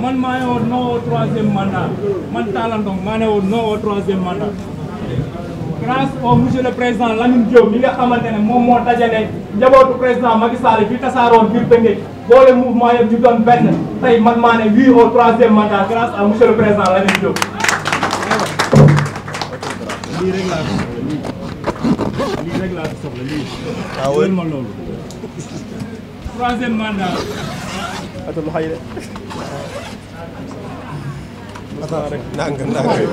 man maa ne woon non au troisième mandat man Talla Ndong maa ne woon non au troisième mandat. grâce au monsieur le président Lamine Diop mi nga xamante ne moom moo dajale njabootu président Macky Sall bi tasaaroon biir Tëngéej boole mouvement yëpp ñu doon benn tey man maa ne oui au troisième mandat grâce à monsieur le président Lamine Diop. Ah lii rek laa soxla lii rek laa soxla lii. waaw wér ma loolu. troisième mandat. ndànk ndànk kii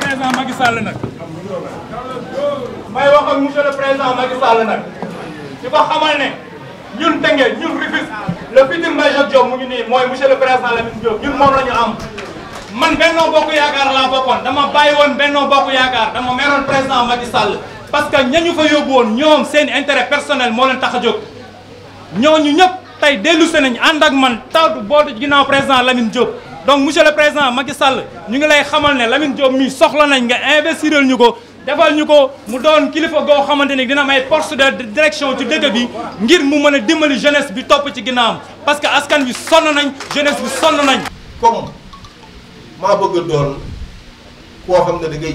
président Macky Sall. may wax ak monsieur le président Macky Sall nag. may wax ak monsieur le président Macky Sall nag. di ko xamal ne ñun Tëngéej ñun Rufisque le futur major Diop mu ngi nii mooy monsieur le président Lamine Diop ñun moom la ñu am. man Benno Bokk Yaakaar laa bokkoon dama bàyyi woon Benno Bokk Yaakaar dama meroon président Macky Sall. parce que ñu fa yóbbu woon ñoom seen intérêt personnel moo leen tax a jóg ñu ñëpp tey dellu si nañ ànd ak man taw boobu ginnaaw président Lamine Diop. donc monsieur le président Macky Sall ñu ngi lay xamal ne Lamine Diop mii soxla nañ nga investiral ñu ko defal ñu ko mu doon kilifa goo xamante ni dina may force de direction ci dëkk bi ngir mu mën a dimbali jeunesse bi topp ci ginnaawam parce que askan bi sonn nañ jeunesse bi sonn nañ. comme maa bëgg doon koo xam ne da ngay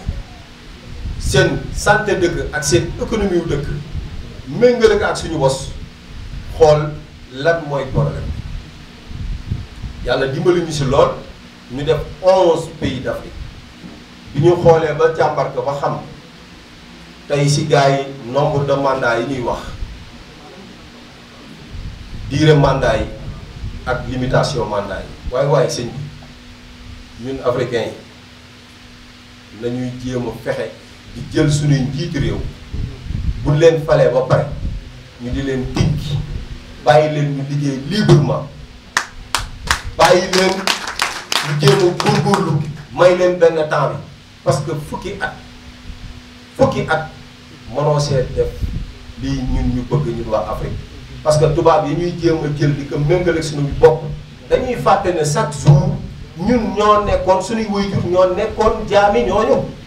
seen santé dëkk ak seen économie wu dëkk méngale ak suñu bos xool lan mooy problème yàlla dimbali ñu si lool ñu def onze pays d'Afrique bi ñu xoolee ba càmbar ba xam tey si gars yi nombre de yi ñuy wax durée mandat yi ak limitation mandat yi waaye waaye sëñ ñun africains yi nañuy jéem fexe di jël suñuy njiit réew bu leen falee ba pare ñu di leen tikki bàyyi leen ñu liggéey librement bàyyi leen ñu jéem a góorgóorlu may leen benn temps parce que fukki at fukki at mënoo seet def lii ñun ñu bëgg ñun waa Afrique parce que tubaab yi ñuy jéem a jël di ko méngale suñuy bopp dañuy fàtte ne chaque jour ñun ñoo nekkoon suñuy waajur ñoo nekkoon jaami ñooñu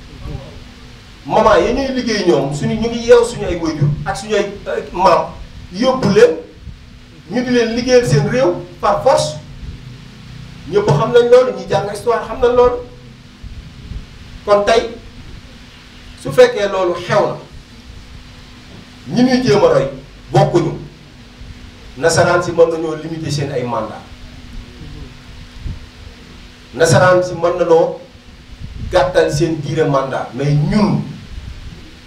maman yi ñuy liggéey ñoom suñu ñu ngi yeew suñu ay waajur ak suñu ay maam yóbbu leen ñu di leen liggéeyal seen réew par force ñëpp xam nañ loolu ñu jàng histoire xam nañ loolu kon tey su fekkee loolu xew na ñu ñuy jéem a roy bokkuñu nasaraan si mën nañoo limiter seen ay mandat nasaraan si mën na noo gàttal seen diire mandat mais ñun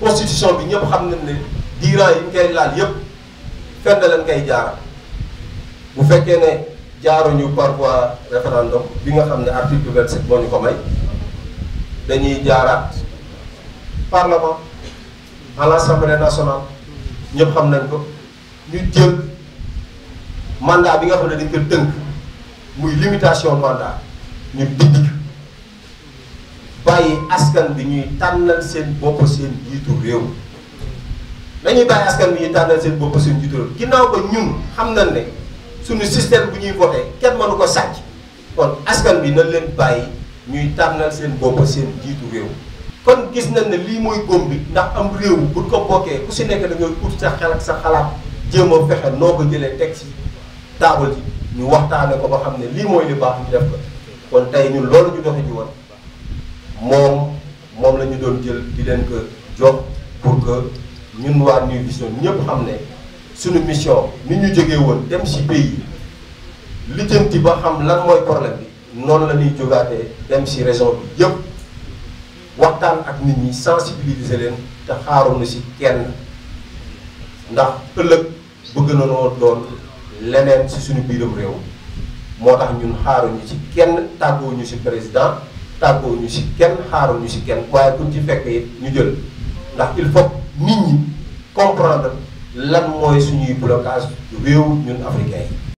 constitution bi ñëpp xam nañ ne diiran yi ñu koy laal yëpp fenn leen koy jaar bu fekkee ne jaaruñu par voie référendum bi nga xam ne article 27 moo ñu ko may dañuy jaaraat parlement à l'Assemblée nationale ñëpp xam nañ ko ñu jël mandat bi nga xam ne dañ ko tënk muy limitation mandat ñu digg. bàyyi askan bi ñuy tànnal seen bopp seen jiitu réew dañuy bàyyi askan bi ñuy tànnal seen bopp seen jiitu réew ginnaaw ba ñun xam na ne suñu système bu ñuy voté kenn mënu ko sàcc kon askan bi nañ leen bàyyi ñuy tànnal seen bopp seen jiitu réew kon gis nañ ne lii mooy góom bi ndax am réew buñ ko bokkee ku si nekk da ngay ut sa xel ak xalaat jéem a fexe noo ko jëlee teg si taabal ji ñu waxtaane ko ba xam ne lii mooy li baax ñu def ko kon tey ñun loolu ñu doxe ji woon moom moom la doon jël di leen ko jox pour que ñun waa New Vision ñëpp xam ne suñu mission ni ñu jógee woon dem ci pays yi lijjanti ba xam lan mooy problème bi noonu la ñuy jógaatee dem ci région bi yëpp waxtaan ak nit ñi sensibiliser leen te xaaruñu ci kenn ndax ëllëg bëgg na noo doon leneen ci suñu biiram réew moo tax ñun xaaruñu ci kenn tàggooñu ci président tàggoo ñu si kenn xaaruñu si kenn waaye kuñ ci fekk it ñu jël ndax il faut nit ñi comprendre lan mooy suñuy blocage réew ñun africain yi